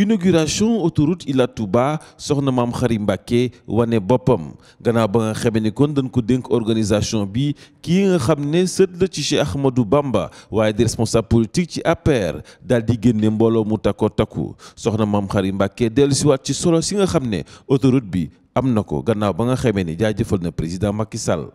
inauguration autoroute Ila Touba soxna maam Xari Mbàkke wane boppam gannaaw ba nga xamee ni kon dañ ko dénk organisation bi kii nga xam ne sët la ci Cheikh Ahmadou Bamba waaye di responsable politique ci APR daal di génne mbooloo mu takko takku soxna maam Xari Mbàkke dellusiwaat ci solo si nga xam ne autoroute bi am na ko gannaaw ba nga xamee ni jaajëfal na président Macky Sall.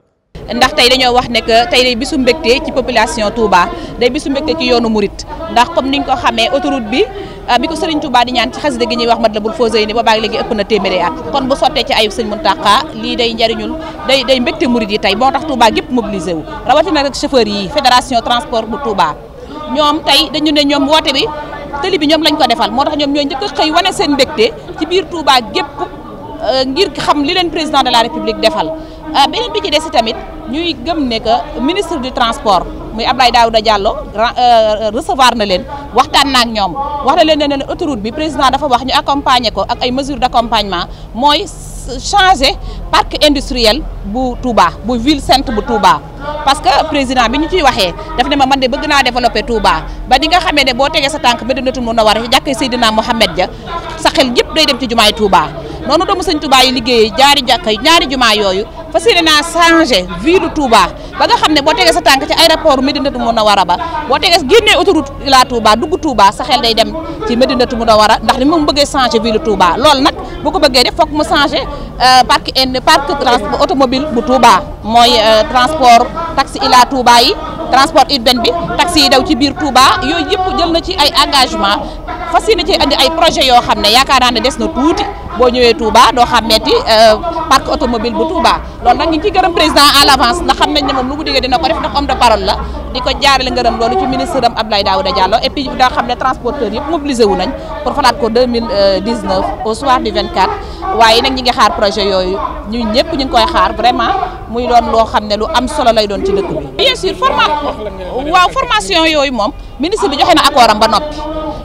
ndax tey dañoo wax ne que tey day bisu mbégte ci population Touba day bisu mbégte ci yoonu Mouride ndax comme niñ ko xamee autoroute bi euh, bi ko Serigne Touba di ñaan ci xasida gi ñuy wax Matlabul Fawzayni boobaag léegi ëpp na téeméeri at kon bu sottee ci ayub Serigne Mountakha lii day njariñul day day mbégte Mouride yi tey moo tax Touba gépp mobilisé wu rawatina nag chauffeur yi fédération transport bu Touba ñoom tey dañu ne ñoom woote bi tëli bi ñoom lañ ko defal moo tax ñoom ñooy njëkk a xëy wane seen mbégte ci biir Touba gépp euh, ngir xam li leen président de la République defal ah beneen bi ci des tamit ñuy gëm ne que ministre du transport muy Ablaye Daouda Diallo euh, recevoir na len waxtan na ak ñoom wax na len ne autoroute bi président dafa wax ñu accompagner ko ak ay mesures d'accompagnement moy changer parc industriel bu Touba bu ville sainte bu Touba. parce que président bi ñu ciy waxee daf né ma man de bëgg na développer Touba ba di nga xamé né bo tegee sa tànk Medinatul Munawwara jàkkee sayyidina mohammed ja sa xel yëpp day dem ci jumaay Touba. noonu doomu sëñ Touba yi liggéeyee ñaari jàkka yi ñaari jumaa yooyu fas yéene naa changé ville de ba nga xam ne boo tegee sa tànk ci aéroport Médinatu Munawara ba boo tegee génnee autoroute Ila Touba dugg Touba sa xel day dem ci Médinatu Munawara ndax ni moom bëggee changé ville de Touba loolu nag bu ko bëggee def foog mu changé euh, parc en parc automobile bu Touba mooy euh, transport taxi Ila Touba yi transport urbain bi taxi yi daw ci biir Touba yooyu yëpp jël na ci ay engagement fas yéene ci andi ay projet yoo xam ne yaakaar naa ne des na tuuti boo ñëwee Touba doo xam metti euh, parc automobile bu Touba loolu nag ñu ci gërëm président à l'avance ndax xam nañ na moom lu mu diggee dina ko def ndax homme de parole la di ko jaarale ngërëm loolu ci ministre am Abdoulaye Daouda Diallo et puis daa xam ne transporteurs yëpp mobilisé wu nañ pour falaat ko 2019 au soir du 24 waaye projet yooyu ñun ñëpp ñu ngi xaar vraiment muy doon loo xam ne lu am solo lay doon ci dëkk bi. bien sûr format waaw formation yooyu moom ministre bi joxe na accord ba noppi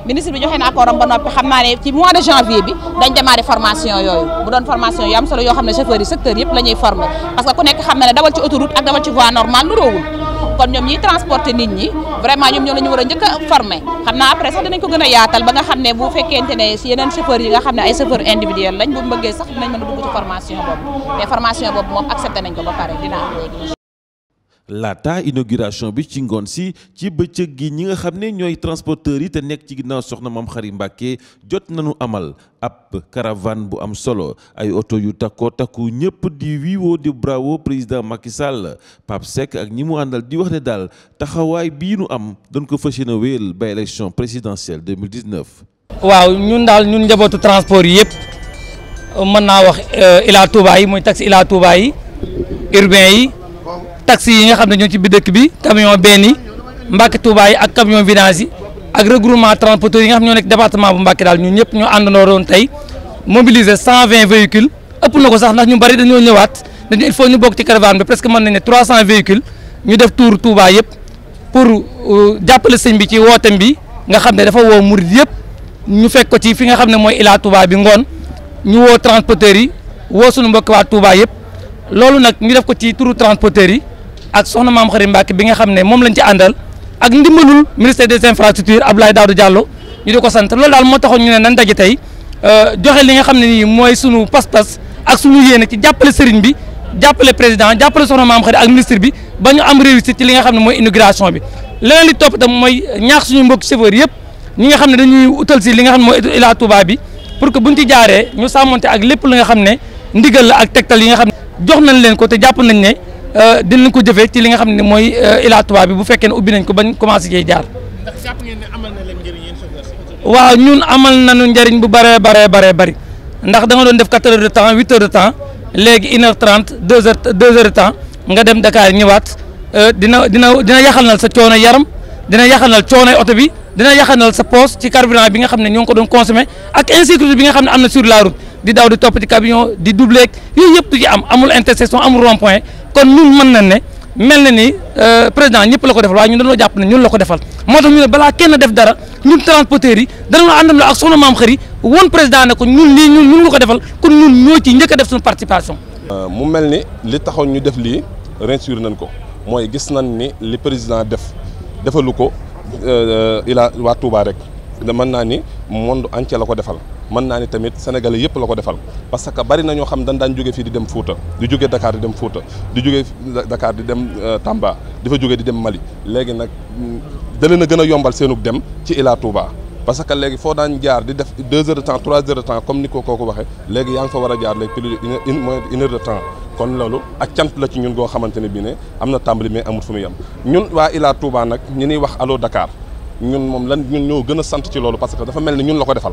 ministre bi joxe na accord am ba noppi xam naa ne ci mois de janvier bi dañ démarré formation yooyu mu doon formation yu am solo yoo xam ne chauffeurs secteur yëpp la former parce que ku nekk xam ne dawal ci autoroute ak dawal ci voie normale nu roowul kon ñoom ñiy transporter nit ñi vraiment ñoom ñoo la ñu war a njëkk a après sax dinañ ko gën yaatal ba nga xam ne bu fekkente ne si yeneen chauffeurs yi nga xam ne ay chauffeurs individuels lañ bu bëggee sax dinañ mën a dugg ci formation boobu mais formation boobu moom accepté nañ ko ba pare dina am léegi laata inauguration bi ci ngoon si ci bëccëg gi ñi nga xam ne ñooy transporteurs yi te nekk ci ginnaaw soxna Maam Xari Mbàkke jot nañu amal ab caravane bu am solo ay oto yu takkoo takku ñëpp di wiiwoo di bravo président Macky Sall Pape Seck ak ñi mu àndal di wax ne daal taxawaay bii nu am dan ko fas yéene wéyal ba élection présidentielle 2019. waaw ñun daal ñun njabootu transport yi yëpp mën naa wax euh, Ila Touba yi mooy taxi Ila Touba yi urbain yi. taxi yi nga xam ne ñoo ci bi dëkk bi camion béni yi Mbacke Touba yi ak camion vidange yi ak regroupement transporteurs yi nga xam ñoo nekk département bu Mbacke dal ñun ñëpp ñoo àndandoo doon tay mobiliser 120 véhicules ëpp na ko sax ndax ñu bari dañoo ñëwaat dañu il faut ñu bok ci caravane bi presque mën né 300 véhicules ñu def tour Touba yëpp pour euh, jappalé sëñ bi ci wotam bi nga xam dafa wo mourid yëpp ñu fekk ko ci fi nga xam moy Ila Touba bi ngone ñu wo transporteur yi wo suñu mbokk wa Touba yëpp lolu nak ñu def ko ci touru transporteur yi ak soxna maam Xarim Mbacke bi nga xam ne moom lañ ci àndal ak ndimbalul ministère des infrastructures Abdoulaye Daouda Diallo ñu di ko sant loolu daal moo taxoon ñu ne nañ daje tey euh, joxe li nga xam ne nii mooy sunu pas-pas ak sunu yéene ci jàppale sëriñ bi jàppale président jàppale soxna maam Xarim ak ministre bi ba ñu am réussite ci li nga xam ne mooy inauguration bi leneen li topp tam mooy ñaax suñu mbokk chauffeur yëpp ñi nga xam ne dañuy utal si li nga xam ne mooy Ila bi pour que buñ ci jaaree ñu sàmmonte ak lépp li nga xam ne ndigal la ak tegtal yi nga xam jox nañ leen ko te nañ ne Euh, dinañ ko jëfee ci li nga xam ne mooy euh, Ila Touba bi bu fekkee ne ubbi nañ ko bañ commencé cee jaar. ndax jàpp ngeen ne amal na leen njariñ bu bëree bëree bëree bëri ndax da nga doon def 4 heures de temps 8 heures de temps léegi 1 heure 30 2 heures de temps nga dem Dakar ñëwaat euh, dina dina dina yaxanal sa coono yaram dina yaxanal coono oto bi dina yaxanal sa poche ci carburant bi nga xam ne ñoo ngi ko doon consommé ak insécurité bi nga xam ne am na sur la route di daw topp ci camion di doublé yooyu yëpp du ci am amul intersection amul rond kon ñun mën nañ ne mel na ni euh, président ñëpp la ko defal waaye ñun dañoo jàpp ne ñun la ko defal moo tax ñu ne balaa kenn def dara ñun transporteurs yi dañoo àndam la ak soxna maam yi woon président ne ko ñun nii ñun ñun la ko defal kon ñun ñoo ci njëkk a def suñu participation. Euh, mu mel ni li taxoon ñu def lii réussir nañ ko mooy gis nañ ni li président def defalu ko euh, ila waa Touba rek mën naa ni monde entier la ko defal. mën naa ni tamit sénégalais yëpp la ko defal parce que bari na ñoo xam dañ daan jóge fii di dem Fuuta di jóge Dakar di dem Fuuta di jóge Dakar di dem euh, Tamba di fa jóge di dem Mali léegi nag mm, dalee na gën a yombal seenu dem ci Ila Touba parce que léegi foo daan jaar di def deux heures de temps trois heures de temps comme ni ko kooku waxee léegi yaa ngi fa war a jaar léegi plus une moins une heure de temps kon loolu ak cant la ci ñun goo xamante ne bii ne am na tàmbali mais amul fu muy yem ñun waa Ila Touba nag ñu niy wax allo Dakar ñun moom lan ñun ñoo gën a sant ci loolu parce que dafa mel ni ñun la ko defal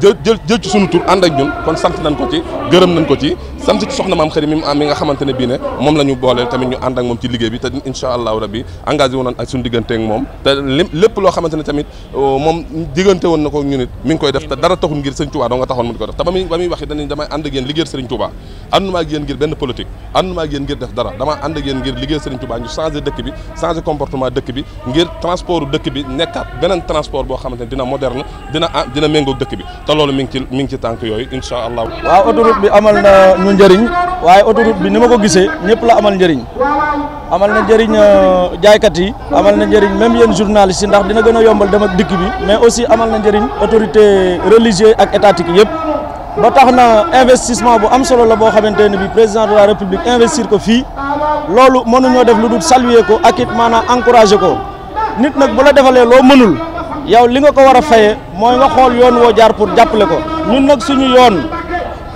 jël jël jël ci sunu tur ànd ñun kon sant nañ ko ci gërëm nañ ko ci sant ci soxna maam xëri mi nga xamante ne bii ne moom la ñu booleel tamit ñu ànd ak moom ci liggéey bi te incha allahu rabbi engagé woon nañ ak suñu diggante moom te lépp loo xamante ne tamit euh, moom diggante woon na ko ñu nit mi ngi koy def te dara taxul ngir sëriñ Touba doo nga taxoon mu di ko def te ba muy ba muy waxi damay ànd ak yéen sëriñ Touba ànduma ak yéen ngir benn politique dara dama ànd ak yéen ngir liggéeyal sëriñ Touba ñu changé dëkk bi changé comportement dëkk bi ngir transport dëkk bi nekkaat beneen transport dina moderne dina ah, dina méngoog bi te loolu mi ngi ci mi ngi ci tànk yooyu incha allah. waaw autoroute bi amal na ñu njëriñ waaye autoroute bi ni ma ko gisee ñëpp la amal njariñ amal na njëriñ euh, jaaykat yi amal na njëriñ même yéen journalistes ndax dina gën a yombal dama ak dikk bi mais aussi amal na njëriñ autorité religieux ak étatique yëpp ba tax na investissement bu am solo la boo xamante ne bi président de la république investir ko fii loolu mënuñoo def lu dul saluer ko ak it maanaam encourager ko nit nag bu la defalee loo mënul. yow li nga ko war a faye mooy nga xool yoon woo jaar pour jàppale ko ñun nag suñu yoon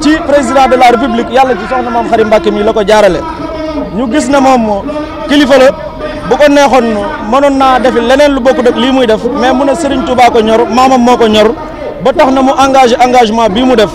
ci président de la république yàlla ci soxna moom Xarim Mbàkke mi la ko jaarale ñu gis na moom kilifa la bu ko neexoon mënoon naa defi leneen lu bokk dëkk lii muy def mais mu ne Serigne Touba ko ñor maamam moo ko ñor ba tax na mu engagé engagement bii mu def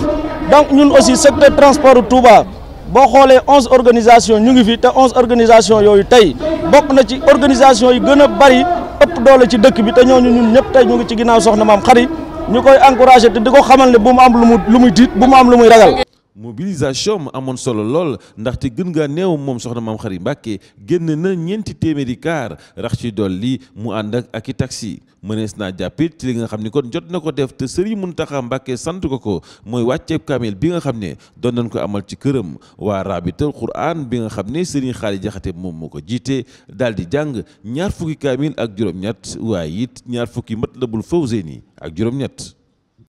donc ñun aussi secteur transport Touba boo xoolee onze organisation ñu ngi fi te onze organisation yooyu tey bokk na ci organisation yi gën a bari ëpp doole ci dëkk bi te ñu ñun ñëpp tey ñu ngi ci ginnaaw soxna maam xari ñu koy encouragé te di ko xamal ne bu mu am lu mu lu muy tiit bu mu am lu muy ragal mobilisation mu amoon solo lool ndaxte gën ngaa néew moom soxna maam Xari Mbàkke génn na ñeenti téeméeri kaar rax ci dolli mu ànd ak ak i taxi mënees naa jàppit ci li nga xam ni kon jot na ko def te Sëriñ Muntaxa Mbàkke sant ko ko mooy wàcceeb kaamil bi nga xam ne doon nañ ko amal ci këram waa raabital Qur'an bi nga xam ne Sëriñ Xaali Jaxate moom moo ko jiite daal di jàng ñaar fukki kaamil ak juróom-ñett waaye it ñaar fukki Matlabul Fawzeyni ak juróom-ñett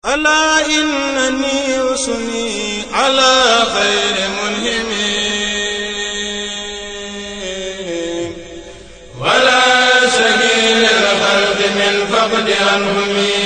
ألا إنني أسمي على خير ملهم ولا شهيد الخلق من فقد أنهمي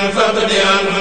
فقد أنفسهم